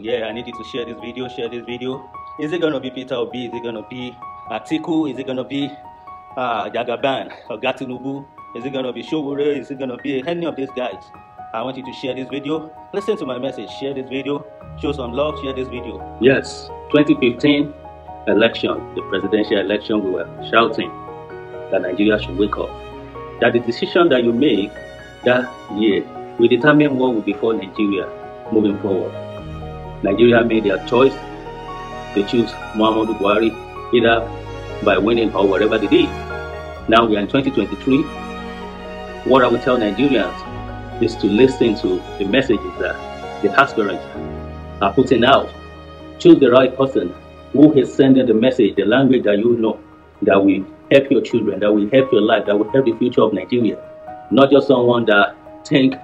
yeah, I need you to share this video, share this video. Is it going to be Peter Obi? Is it going to be Atiku? Is it going to be uh, Jagaban or Gatinubu? Is it going to be Shogure? Is it going to be any of these guys? I want you to share this video. Listen to my message. Share this video. Show some love. Share this video. Yes, 2015 election, the presidential election, we were shouting that Nigeria should wake up. That the decision that you make that year will determine what will be for Nigeria moving forward. Nigeria made their choice. They choose Muhammadu Buhari either by winning or whatever they did. Now we are in 2023. What I would tell Nigerians is to listen to the messages that the aspirants are putting out. Choose the right person who is sending the message, the language that you know, that will help your children, that will help your life, that will help the future of Nigeria. Not just someone that think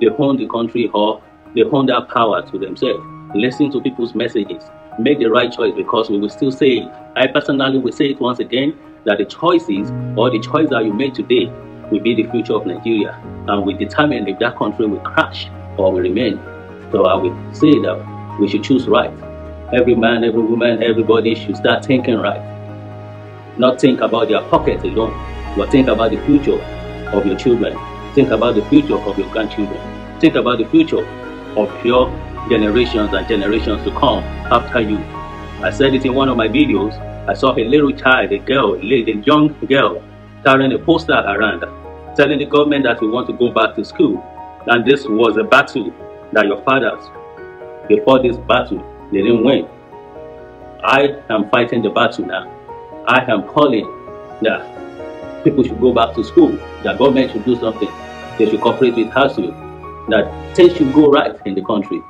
they own the country or they own that power to themselves listen to people's messages, make the right choice because we will still say it. I personally will say it once again that the choices or the choice that you make today will be the future of Nigeria and we determine if that country will crash or will remain. So I will say that we should choose right. Every man, every woman, everybody should start thinking right. Not think about their pocket alone, but think about the future of your children. Think about the future of your grandchildren. Think about the future of your generations and generations to come after you. I said it in one of my videos. I saw a little child, a girl, a young girl, carrying a poster around, telling the government that we want to go back to school. And this was a battle that your fathers, before this battle, they didn't win. I am fighting the battle now. I am calling that people should go back to school, that government should do something. They should cooperate with us, that things should go right in the country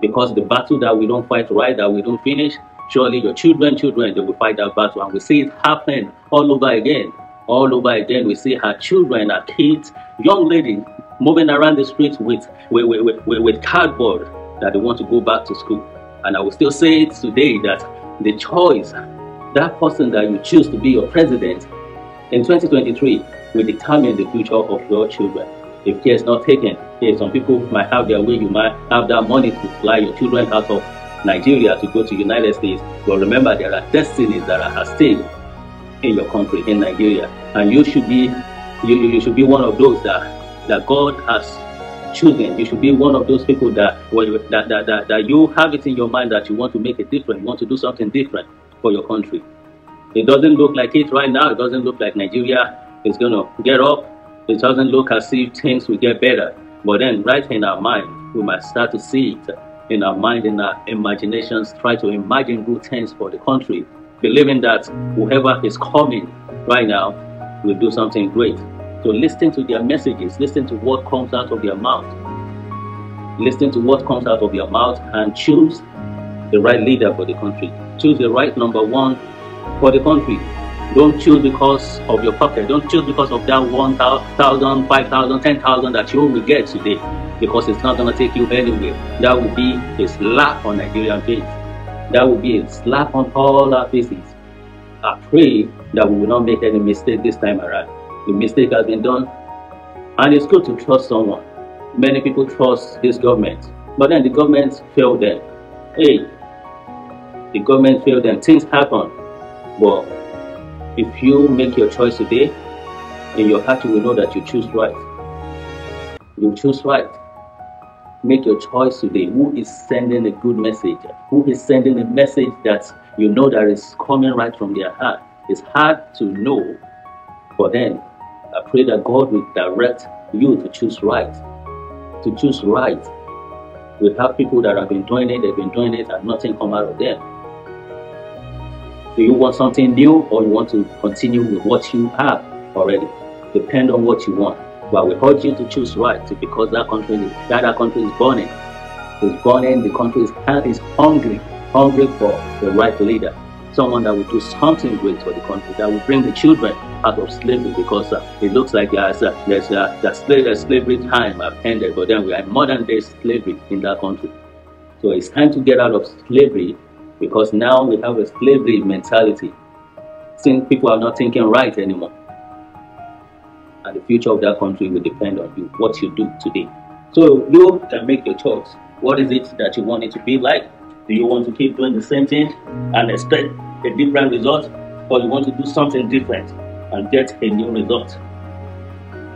because the battle that we don't fight right, that we don't finish, surely your children, children, they will fight that battle. And we see it happen all over again. All over again, we see her children, her kids, young ladies moving around the streets with, with, with, with, with cardboard that they want to go back to school. And I will still say it today that the choice, that person that you choose to be your president in 2023 will determine the future of your children if care is not taken. some people might have their way. You might have that money to fly your children out of Nigeria to go to United States. But remember, there are destinies that are at stake in your country, in Nigeria, and you should be you, you should be one of those that that God has chosen. You should be one of those people that, that, that, that, that you have it in your mind that you want to make a difference, you want to do something different for your country. It doesn't look like it right now. It doesn't look like Nigeria is going to get up it doesn't look as if things will get better, but then right in our mind, we might start to see it in our mind, in our imaginations, try to imagine good things for the country, believing that whoever is coming right now will do something great. So listen to their messages, listen to what comes out of their mouth. Listen to what comes out of your mouth and choose the right leader for the country. Choose the right number one for the country. Don't choose because of your pocket. Don't choose because of that 1,000, 5,000, 10,000 that you will get today because it's not going to take you anywhere. That will be a slap on Nigerian face. That will be a slap on all our faces. I pray that we will not make any mistake this time around. The mistake has been done. And it's good to trust someone. Many people trust this government. But then the government failed them. Hey, the government failed them. Things happen. But if you make your choice today, in your heart you will know that you choose right. You choose right. Make your choice today. Who is sending a good message? Who is sending a message that you know that is coming right from their heart? It's hard to know, but then I pray that God will direct you to choose right. To choose right. We have people that have been doing it, they've been doing it, and nothing come out of them. Do you want something new or you want to continue with what you have already? Depend on what you want. But we urge you to choose right because that country is, that, that country is burning. It's burning, the country is, is hungry, hungry for the right leader. Someone that will do something great for the country, that will bring the children out of slavery because uh, it looks like there's, uh, there's, uh, the slavery, slavery time have ended, but then we are modern day slavery in that country. So it's time to get out of slavery because now we have a slavery mentality since people are not thinking right anymore. And the future of that country will depend on you, what you do today. So you can make your choice. What is it that you want it to be like? Do you want to keep doing the same thing and expect a different result? Or you want to do something different and get a new result?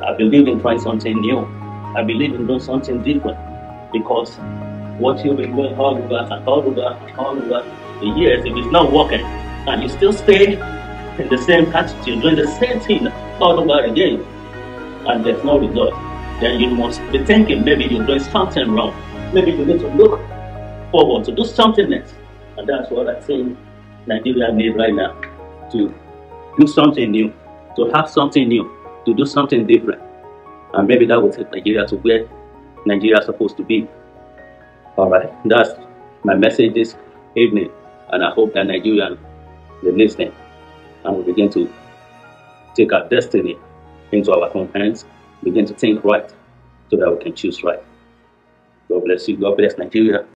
I believe in trying something new. I believe in doing something different because what you've been going all over and all over and all over the years, if it's not working, and you still stay in the same attitude, doing the same thing all over again, and there's no result, then you must be thinking maybe you're doing something wrong. Maybe you need to look forward to do something else. And that's what I think Nigeria needs right now to do something new, to have something new, to do something different. And maybe that will take Nigeria to where Nigeria is supposed to be. All right, that's my message this evening, and I hope that Nigerian the listening, and we begin to take our destiny into our own hands, begin to think right, so that we can choose right. God bless you. God bless Nigeria.